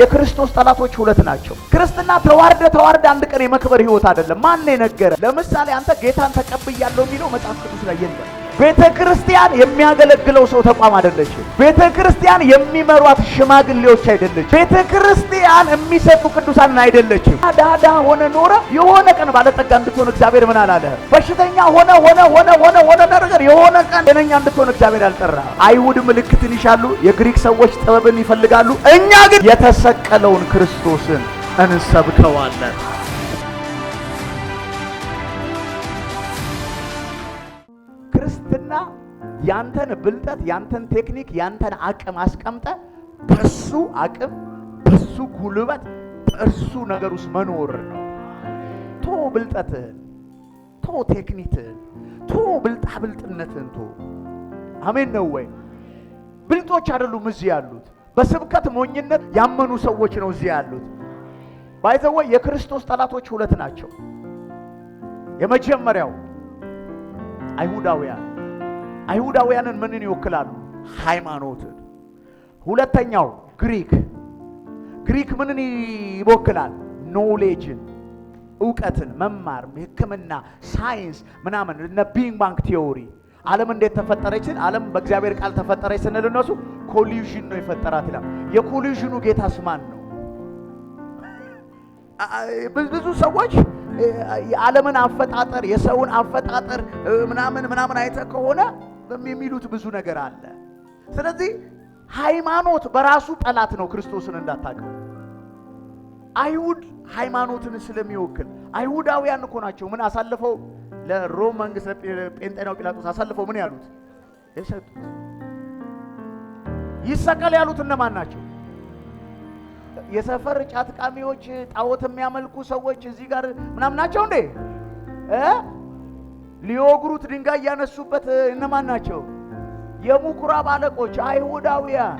የክርስቶስ ጠላቶች ሁለት ናቸው። ክርስትና ተዋርደ ተዋርደ አንድ ቀን የመክበር ህይወት አይደለም። ማን የነገረ? ለምሳሌ አንተ ጌታን ተቀብያለሁ የሚለው መጽሐፍ ቅዱስ ላይ የለም። ቤተ ክርስቲያን የሚያገለግለው ሰው ተቋም አይደለች። ቤተ ክርስቲያን የሚመሯት ሽማግሌዎች አይደለች። ቤተ ክርስቲያን የሚሰጡ ቅዱሳንን አይደለችም። ዳዳ ሆነ ኖረ የሆነ ቀን ባለጠጋ እንድትሆን እግዚአብሔር ምን አላለ? በሽተኛ ሆነ ሆነ ሆነ ሆነ ሆነ ነገር የሆነ ቀን ጤነኛ እንድትሆን እግዚአብሔር አልጠራ። አይሁድ ምልክትን ይሻሉ፣ የግሪክ ሰዎች ጥበብን ይፈልጋሉ። እኛ ግን የተሰቀለውን ክርስቶስን እንሰብከዋለን። ያንተን ብልጠት፣ ያንተን ቴክኒክ፣ ያንተን አቅም አስቀምጠ በሱ አቅም በሱ ጉልበት በእርሱ ነገር ውስጥ መኖር ነው። ቶ ብልጠትህን፣ ቶ ቴክኒክህን፣ ቶ ብልጣ ብልጥነትህን ቶ አሜን ነው ወይ? ብልጦች አይደሉም እዚህ ያሉት። በስብከት ሞኝነት ያመኑ ሰዎች ነው እዚህ ያሉት። ባይዘወ የክርስቶስ ጠላቶች ሁለት ናቸው። የመጀመሪያው አይሁዳውያን አይሁዳውያንን ምንን ይወክላሉ? ሃይማኖትን። ሁለተኛው ግሪክ ግሪክ ምንን ይወክላል? ኖሌጅን፣ እውቀትን፣ መማር፣ ሕክምና፣ ሳይንስ ምናምን እነ ቢግ ባንግ ቲዎሪ ዓለም እንዴት ተፈጠረች? ዓለም በእግዚአብሔር ቃል ተፈጠረች ስንል እነሱ ኮሊዥን ነው የፈጠራት ይላል። የኮሊዥኑ ጌታ ስማን ነው? ብዙ ሰዎች የዓለምን አፈጣጠር የሰውን አፈጣጠር ምናምን ምናምን አይተ ከሆነ የሚሉት ብዙ ነገር አለ። ስለዚህ ሃይማኖት በራሱ ጠላት ነው። ክርስቶስን እንዳታቀው አይሁድ ሃይማኖትን ስለሚወክል አይሁዳውያን እኮ ናቸው። ምን አሳልፈው ለሮም መንግስት ጴንጤናው ጲላጦስ አሳልፈው ምን ያሉት የሰጡት ይሰቀል ያሉት እነማን ናቸው? የሰፈር ጫት ቃሚዎች፣ ጣዖት የሚያመልኩ ሰዎች እዚህ ጋር ምናምን ናቸው እንዴ? ሊወግሩት ድንጋይ ያነሱበት እነማን ናቸው? የምኩራብ አለቆች አይሁዳውያን፣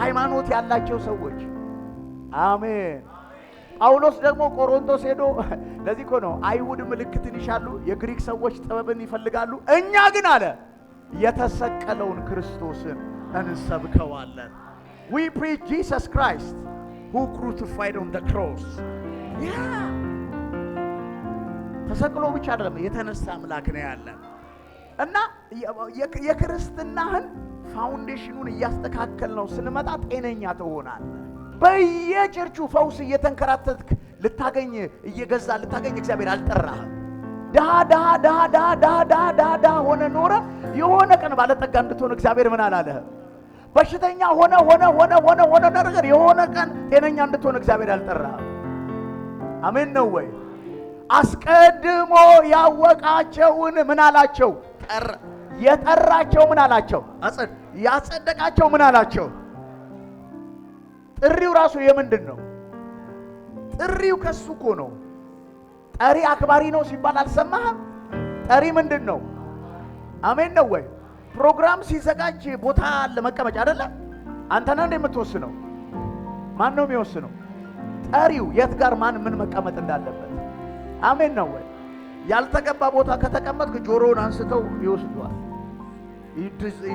ሃይማኖት ያላቸው ሰዎች። አሜን። ጳውሎስ ደግሞ ቆሮንቶስ ሄዶ ለዚህ እኮ ነው አይሁድ ምልክትን ይሻሉ፣ የግሪክ ሰዎች ጥበብን ይፈልጋሉ፣ እኛ ግን አለ የተሰቀለውን ክርስቶስን እንሰብከዋለን። ዊ ፕሪች ጂሰስ ክራይስት ሁ crucified on ደ ክሮስ ተሰቅሎ ብቻ አይደለም የተነሳ አምላክ ነው ያለ እና የክርስትናህን ፋውንዴሽኑን እያስተካከል ነው ስንመጣ ጤነኛ ትሆናለህ። በየጨርቹ ፈውስ እየተንከራተትክ ልታገኝ እየገዛ ልታገኝ እግዚአብሔር አልጠራህም። ድሃ ድሃ ድሃ ድሃ ድሃ ድሃ ድሃ ድሃ ሆነ ኖረ። የሆነ ቀን ባለጠጋ እንድትሆን እግዚአብሔር ምን አላለህም። በሽተኛ ሆነ ሆነ ሆነ ሆነ ሆነ ነገር የሆነ ቀን ጤነኛ እንድትሆን እግዚአብሔር አልጠራህም። አሜን ነው ወይ? አስቀድሞ ያወቃቸውን ምን አላቸው? ጠራ። የጠራቸው ምን አላቸው? ያጸደቃቸው ምን አላቸው? ጥሪው ራሱ የምንድን ነው? ጥሪው ከሱ እኮ ነው። ጠሪ አክባሪ ነው ሲባል አልሰማህም? ጠሪ ምንድን ነው? አሜን ነው ወይ? ፕሮግራም ሲዘጋጅ ቦታ ለመቀመጫ አይደለም? አንተ ነህ የምትወስነው? ማን ነው የሚወስነው? ጠሪው የት ጋር ማን ምን መቀመጥ እንዳለበት አሜን ነው ወይ? ያልተገባ ቦታ ከተቀመጥክ ጆሮውን አንስተው ይወስዷል።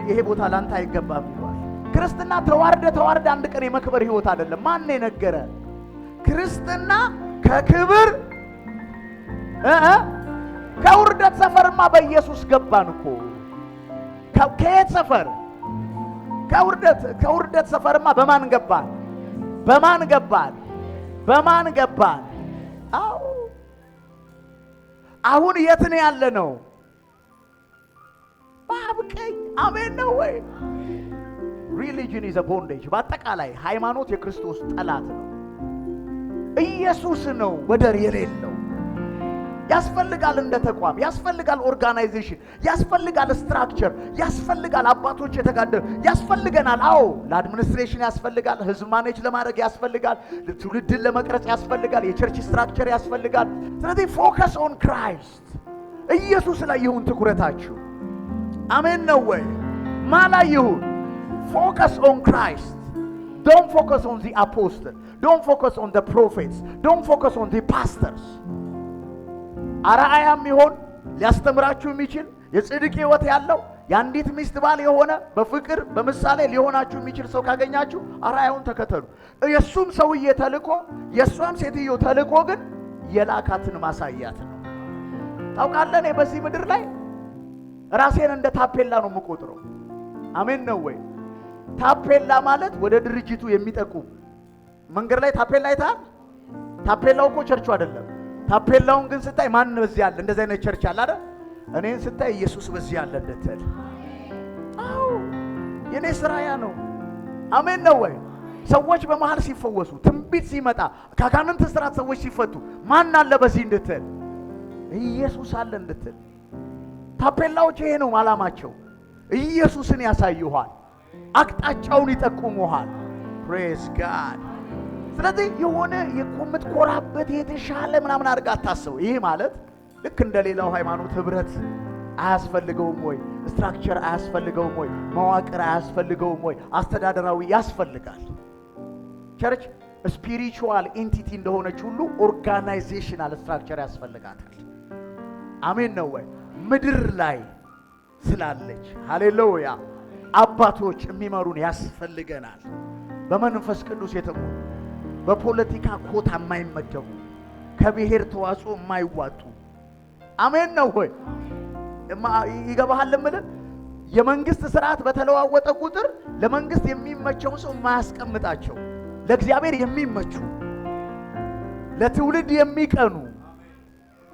ይሄ ቦታ ላንተ አይገባም ይሏል። ክርስትና ተዋርደ ተዋርደ አንድ ቀን የመክበር ህይወት አይደለም። ማን የነገረ? ክርስትና ከክብር ከውርደት ሰፈርማ በኢየሱስ ገባን እኮ። ከየት ሰፈር? ከውርደት ከውርደት ሰፈርማ በማን ገባን? በማን ገባን? በማን ገባን? አዎ አሁን የት ነው ያለ ነው? በአብ ቀኝ። አሜን ነው ወይ? ሪሊጅን ኢዝ ቦንዴጅ። በአጠቃላይ ሃይማኖት የክርስቶስ ጠላት ነው። ኢየሱስ ነው ወደር የሌለው ያስፈልጋል፣ እንደ ተቋም ያስፈልጋል፣ ኦርጋናይዜሽን ያስፈልጋል፣ ስትራክቸር ያስፈልጋል፣ አባቶች የተጋደሉ ያስፈልገናል። አዎ ለአድሚኒስትሬሽን ያስፈልጋል፣ ህዝብ ማኔጅ ለማድረግ ያስፈልጋል፣ ትውልድን ለመቅረጽ ያስፈልጋል፣ የቸርች ስትራክቸር ያስፈልጋል። ስለዚህ ፎከስ ኦን ክራይስት ኢየሱስ ላይ ይሁን ትኩረታችሁ። አሜን ነው ወይ? ማ ላይ ይሁን? ፎከስ ኦን ክራይስት ዶንት ፎከስ ኦን ዚ አፖስትል ዶንት ፎከስ ኦን ፕሮፌትስ ዶንት ፎከስ ኦን ፓስተርስ አርአያ የሚሆን ሊያስተምራችሁ የሚችል የጽድቅ ሕይወት ያለው የአንዲት ሚስት ባል የሆነ በፍቅር በምሳሌ ሊሆናችሁ የሚችል ሰው ካገኛችሁ አርአያውን ተከተሉ። የእሱም ሰውዬ ተልኮ የእሷም ሴትዮ ተልኮ ግን የላካትን ማሳያት ነው። ታውቃለህ፣ እኔ በዚህ ምድር ላይ ራሴን እንደ ታፔላ ነው የምቆጥረው። አሜን ነው ወይ? ታፔላ ማለት ወደ ድርጅቱ የሚጠቁም መንገድ ላይ ታፔላ አይታል። ታፔላው እኮ ቸርቹ አይደለም ታፔላውን ግን ስታይ ማን በዚህ አለ? እንደዚህ አይነት ቸርች አለ አይደል? እኔን ስታይ ኢየሱስ በዚህ አለ እንድትል? አዎ የኔ ስራ ያ ነው። አሜን ነው ወይ? ሰዎች በመሃል ሲፈወሱ፣ ትንቢት ሲመጣ፣ ካጋንንት ስራት ሰዎች ሲፈቱ ማን አለ በዚህ እንድትል፣ ኢየሱስ አለ እንድትል። ታፔላዎች ይሄ ነው አላማቸው። ኢየሱስን ያሳዩሃል፣ አቅጣጫውን ይጠቁሙሃል። ፕሬዝ ጋድ ስለዚህ የሆነ የምትኮራበት የተሻለ ምናምን አድርጋ አታስቡ። ይህ ማለት ልክ እንደ ሌላው ሃይማኖት ህብረት አያስፈልገውም ወይ? ስትራክቸር አያስፈልገውም ወይ? መዋቅር አያስፈልገውም ወይ? አስተዳደራዊ ያስፈልጋል። ቸርች ስፒሪቹዋል ኤንቲቲ እንደሆነች ሁሉ ኦርጋናይዜሽናል ስትራክቸር ያስፈልጋታል። አሜን ነው ወይ? ምድር ላይ ስላለች ሃሌሉያ፣ አባቶች የሚመሩን ያስፈልገናል። በመንፈስ ቅዱስ የተሞሉ በፖለቲካ ኮታ የማይመደቡ ከብሔር ተዋጽኦ የማይዋጡ አሜን ነው ሆይ ይገባሃል እምልህ የመንግስት ስርዓት በተለዋወጠ ቁጥር ለመንግስት የሚመቸውን ሰው የማያስቀምጣቸው ለእግዚአብሔር የሚመቹ ለትውልድ የሚቀኑ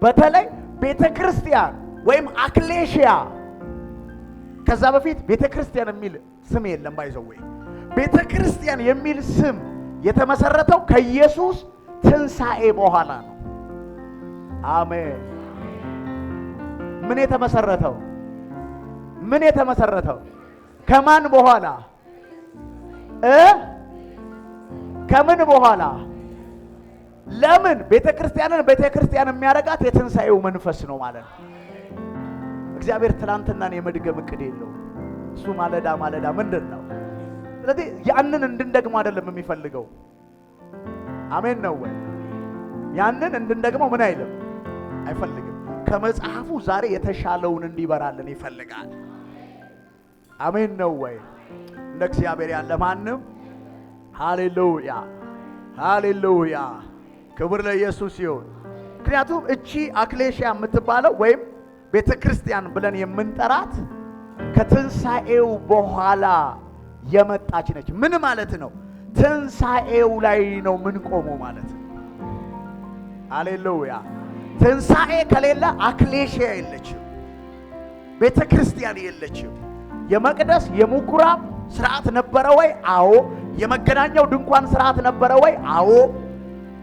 በተለይ ቤተ ክርስቲያን ወይም አክሌሽያ ከዛ በፊት ቤተ ክርስቲያን የሚል ስም የለም። ባይዘው ወይ ቤተ ክርስቲያን የሚል ስም የተመሰረተው ከኢየሱስ ትንሣኤ በኋላ ነው። አሜን። ምን የተመሰረተው ምን የተመሰረተው ከማን በኋላ እ ከምን በኋላ ለምን ቤተ ክርስቲያንን ቤተ ክርስቲያን የሚያደርጋት የትንሣኤው መንፈስ ነው ማለት ነው። እግዚአብሔር ትናንትናን የመድገም እቅድ የለውም። እሱ ማለዳ ማለዳ ምንድን ነው ስለዚህ ያንን እንድንደግሞ አይደለም የሚፈልገው። አሜን ነው ወይ? ያንን እንድንደግመው ምን አይልም አይፈልግም። ከመጽሐፉ ዛሬ የተሻለውን እንዲበራልን ይፈልጋል። አሜን ነው ወይ? እንደ እግዚአብሔር ያለ ማንም። ሃሌሉያ ሃሌሉያ፣ ክብር ለኢየሱስ ይሁን። ምክንያቱም እቺ አክሌሽያ የምትባለው ወይም ቤተ ክርስቲያን ብለን የምንጠራት ከትንሣኤው በኋላ የመጣች ነች። ምን ማለት ነው? ትንሣኤው ላይ ነው ምን ቆሞ ማለት ነው። አሌሉያ። ትንሣኤ ከሌለ አክሌሽያ የለችም፣ ቤተ ክርስቲያን የለችም። የመቅደስ የምኩራብ ስርዓት ነበረ ወይ? አዎ። የመገናኛው ድንኳን ስርዓት ነበረ ወይ? አዎ።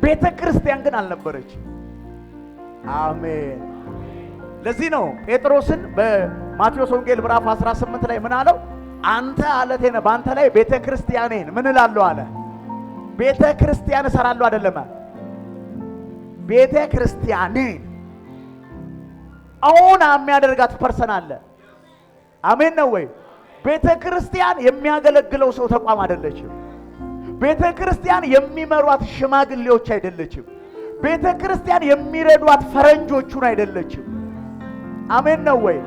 ቤተ ክርስቲያን ግን አልነበረች። አሜን። ለዚህ ነው ጴጥሮስን በማቴዎስ ወንጌል ምዕራፍ 18 ላይ ምን አለው? አንተ አለቴ ነህ፣ በአንተ ላይ ቤተ ክርስቲያኔን ምን እላለሁ አለ። ቤተ ክርስቲያን እሰራለሁ አይደለም፣ ቤተ ክርስቲያኔን አሁን የሚያደርጋት ፐርሰን አለ። አሜን ነው ወይ? ቤተ ክርስቲያን የሚያገለግለው ሰው ተቋም አይደለችም። ቤተ ክርስቲያን የሚመሯት ሽማግሌዎች አይደለችም። ቤተ ክርስቲያን የሚረዷት ፈረንጆቹን አይደለችም። አሜን ነው ወይ?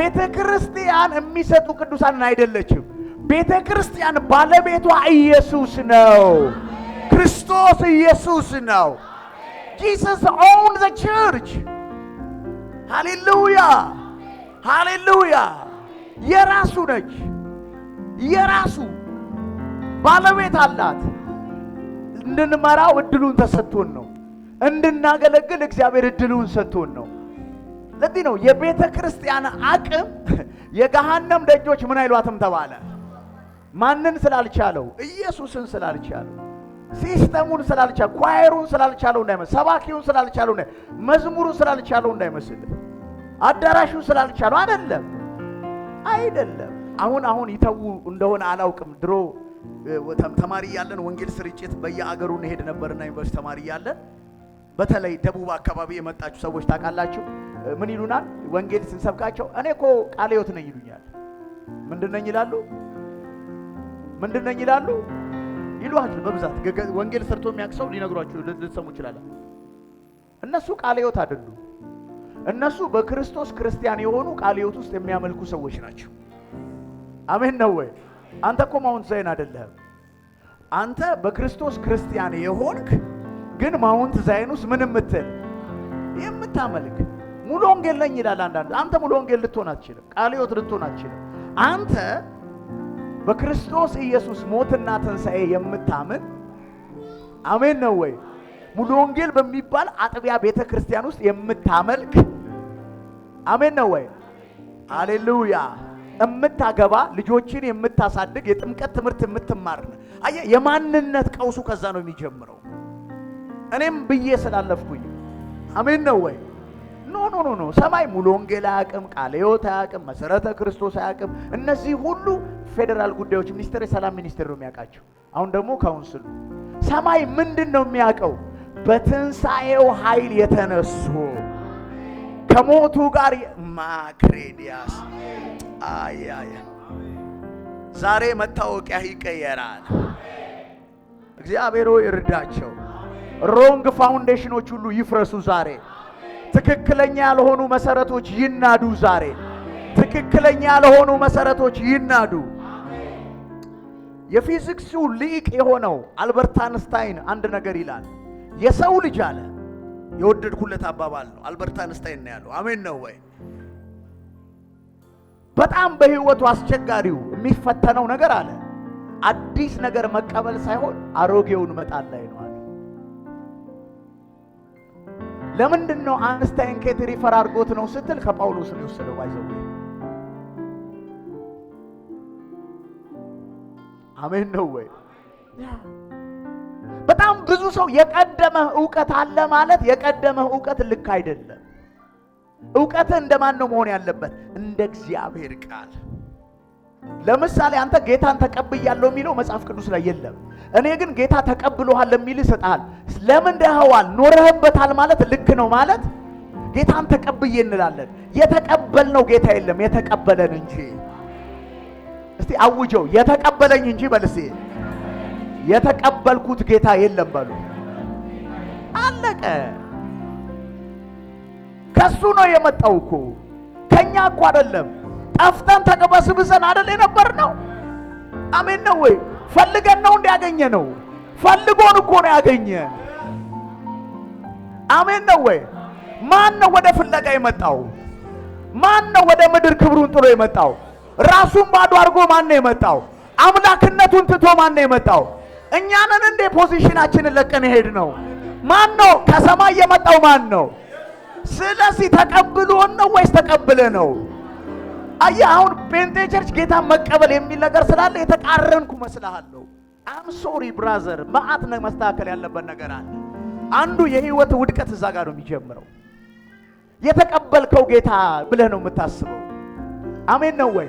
ቤተ ክርስቲያን የሚሰጡ ቅዱሳንን አይደለችም። ቤተ ክርስቲያን ባለቤቷ ኢየሱስ ነው። ክርስቶስ ኢየሱስ ነው። ጂሰስ ኦውን ዘ ቸርች። ሃሌሉያ ሃሌሉያ። የራሱ ነች፣ የራሱ ባለቤት አላት። እንድንመራው እድሉን ተሰጥቶን ነው። እንድናገለግል እግዚአብሔር እድሉን ሰጥቶን ነው። ለዚህ ነው የቤተ ክርስቲያን አቅም የገሃነም ደጆች ምን አይሏትም ተባለ። ማንን ስላልቻለው? ኢየሱስን ስላልቻለው፣ ሲስተሙን ስላልቻለው፣ ኳየሩን ስላልቻለው እንዳይመስል፣ ሰባኪውን ስላልቻለው እንዳይመስል፣ መዝሙሩን ስላልቻለው እንዳይመስል፣ አዳራሹን ስላልቻለው አይደለም፣ አይደለም። አሁን አሁን ይተዉ እንደሆነ አላውቅም። ድሮ ተማሪ እያለን ወንጌል ስርጭት በየአገሩ እንሄድ ነበርና ዩኒቨርሲቲ ተማሪ እያለን በተለይ ደቡብ አካባቢ የመጣችሁ ሰዎች ታውቃላችሁ ምን ይሉናል? ወንጌል ስንሰብካቸው እኔ እኮ ቃለ ሕይወት ነኝ ይሉኛል። ምንድን ነኝ ይላሉ? ምንድን ነኝ ይላሉ? ይሏል። በብዛት ወንጌል ሰርቶ የሚያውቅ ሰው ሊነግሯችሁ ልትሰሙ ይችላል። እነሱ ቃለ ሕይወት አይደሉ። እነሱ በክርስቶስ ክርስቲያን የሆኑ ቃለ ሕይወት ውስጥ የሚያመልኩ ሰዎች ናቸው። አሜን ነው ወይ? አንተ እኮ ማውንት ዛይን አይደለህም። አንተ በክርስቶስ ክርስቲያን የሆንክ ግን ማውንት ዛይን ውስጥ ምን የምትል የምታመልክ ሙሉ ወንጌል ነኝ ይላል። አንዳንድ አንተ ሙሉ ወንጌል ልትሆን አትችልም። ቃለ ሕይወት ልትሆን አትችልም። አንተ በክርስቶስ ኢየሱስ ሞትና ትንሣኤ የምታምን አሜን ነው ወይ? ሙሉ ወንጌል በሚባል አጥቢያ ቤተ ክርስቲያን ውስጥ የምታመልክ አሜን ነው ወይ? አሌሉያ የምታገባ ልጆችን የምታሳድግ የጥምቀት ትምህርት የምትማር አየህ፣ የማንነት ቀውሱ ከዛ ነው የሚጀምረው። እኔም ብዬ ስላለፍኩኝ አሜን ነው ወይ? ኖ ኖ ኖ ኖ ሰማይ ሙሉ ወንጌል አያውቅም፣ ቃለ ሕይወት አያውቅም፣ መሰረተ ክርስቶስ አያውቅም። እነዚህ ሁሉ ፌዴራል ጉዳዮች ሚኒስቴር፣ የሰላም ሚኒስቴር ነው የሚያውቃቸው። አሁን ደግሞ ካውንስሉ ሰማይ ምንድን ነው የሚያውቀው? በትንሣኤው ኃይል የተነሱ ከሞቱ ጋር ማክሬዲያስ አያየ ዛሬ መታወቂያ ይቀየራል። እግዚአብሔር ሆይ ሮንግ ፋውንዴሽኖች ሁሉ ይፍረሱ ዛሬ ትክክለኛ ያልሆኑ መሰረቶች ይናዱ። ዛሬ ትክክለኛ ያልሆኑ መሰረቶች ይናዱ። የፊዚክሱ ሊቅ የሆነው አልበርት አንስታይን አንድ ነገር ይላል። የሰው ልጅ አለ የወደድኩለት አባባል ነው። አልበርት አንስታይን ነው ያለው። አሜን ነው ወይ? በጣም በህይወቱ አስቸጋሪው የሚፈተነው ነገር አለ አዲስ ነገር መቀበል ሳይሆን አሮጌውን መጣል ላይ ነው። ለምንድን ነው አንስታይን ኬት ሪፈር አድርጎት ነው ስትል ከጳውሎስ ነው የወሰደው። ባይዘው አሜን ነው ወይ? በጣም ብዙ ሰው የቀደመህ እውቀት አለ ማለት የቀደመህ እውቀት ልክ አይደለም። እውቀትህ እንደማን ነው መሆን ያለበት? እንደ እግዚአብሔር ቃል ለምሳሌ አንተ ጌታን ተቀብያለሁ የሚለው መጽሐፍ ቅዱስ ላይ የለም። እኔ ግን ጌታ ተቀብሎሃል ለሚል ይሰጣል። ለምን ደኸዋል ኖረህበታል ማለት ልክ ነው ማለት ጌታን ተቀብዬ እንላለን። የተቀበልነው ጌታ የለም የተቀበለን እንጂ። እስቲ አውጀው የተቀበለኝ እንጂ በልሴ የተቀበልኩት ጌታ የለም በሉ። አለቀ። ከሱ ነው የመጣው እኮ ከኛ እኮ አይደለም። ጠፍተን ተቅበስብሰን አደል የነበር ነው። አሜን ነው ወይ? ፈልገን ነው እንዲያገኘ ነው። ፈልጎን እኮ ነው ያገኘ። አሜን ነው ወይ? ማን ነው ወደ ፍለጋ የመጣው? ማን ነው ወደ ምድር ክብሩን ጥሎ የመጣው? ራሱን ባዶ አድርጎ ማን ነው የመጣው? አምላክነቱን ትቶ ማን ነው የመጣው? እኛንን እንዴ ፖዚሽናችንን ለቀን ይሄድ ነው። ማን ነው ከሰማይ የመጣው? ማን ነው? ስለዚህ ተቀብሎን ነው ወይስ ተቀብለ ነው? አየ አሁን ጴንጤ ቸርች ጌታ መቀበል የሚል ነገር ስላለ የተቃረንኩ መስልሃለሁ። አም ሶሪ ብራዘር፣ መዓት መስተካከል ያለበት ነገር አለ። አንዱ የህይወት ውድቀት እዛ ጋር ነው የሚጀምረው። የተቀበልከው ጌታ ብለህ ነው የምታስበው። አሜን ነው ወይ?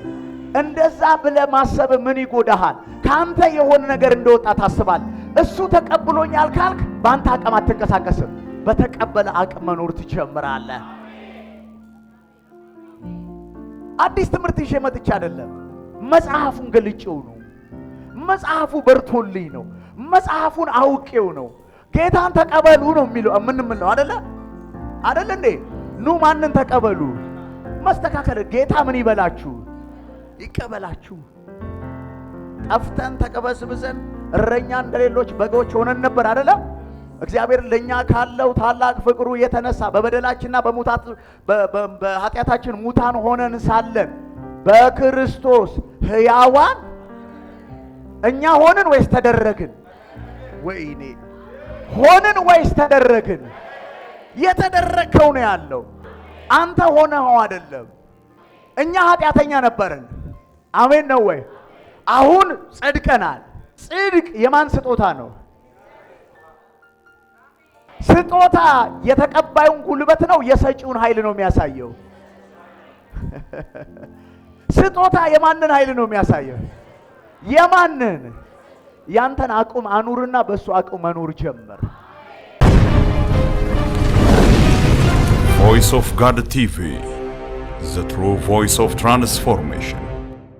እንደዛ ብለህ ማሰብ ምን ይጎዳሃል? ከአንተ የሆነ ነገር እንደወጣ ታስባል። እሱ ተቀብሎኛል ካልክ በአንተ አቅም አትንቀሳቀስም። በተቀበለ አቅም መኖር ትጀምራለህ። አዲስ ትምህርት ይዤ መጥቼ አይደለም። መጽሐፉን ገልጬው ነው። መጽሐፉ በርቶልኝ ነው። መጽሐፉን አውቄው ነው። ጌታን ተቀበሉ ነው የሚለው የምንምለው አይደለ አይደለ እንዴ? ኑ ማንን ተቀበሉ? መስተካከል ጌታ ምን ይበላችሁ ይቀበላችሁ። ጠፍተን ተቀበስብሰን እረኛ እንደሌሎች በጎች ሆነን ነበር አይደለም። እግዚአብሔር ለእኛ ካለው ታላቅ ፍቅሩ የተነሳ በበደላችንና በኃጢአታችን ሙታን ሆነን ሳለን በክርስቶስ ሕያዋን እኛ ሆንን ወይስ ተደረግን? ወይኔ ሆንን ወይስ ተደረግን? የተደረግከው ነው ያለው። አንተ ሆነው አይደለም። እኛ ኃጢአተኛ ነበርን። አሜን ነው ወይ? አሁን ጸድቀናል። ጽድቅ የማን ስጦታ ነው? ስጦታ የተቀባዩን ጉልበት ነው የሰጪውን ኃይል ነው የሚያሳየው። ስጦታ የማንን ኃይል ነው የሚያሳየው? የማንን? ያንተን አቁም አኑርና በእሱ አቁም መኖር ጀምር። ቮይስ ኦፍ ጋድ ቲቪ ዘ ትሩ ቮይስ ኦፍ ትራንስፎርሜሽን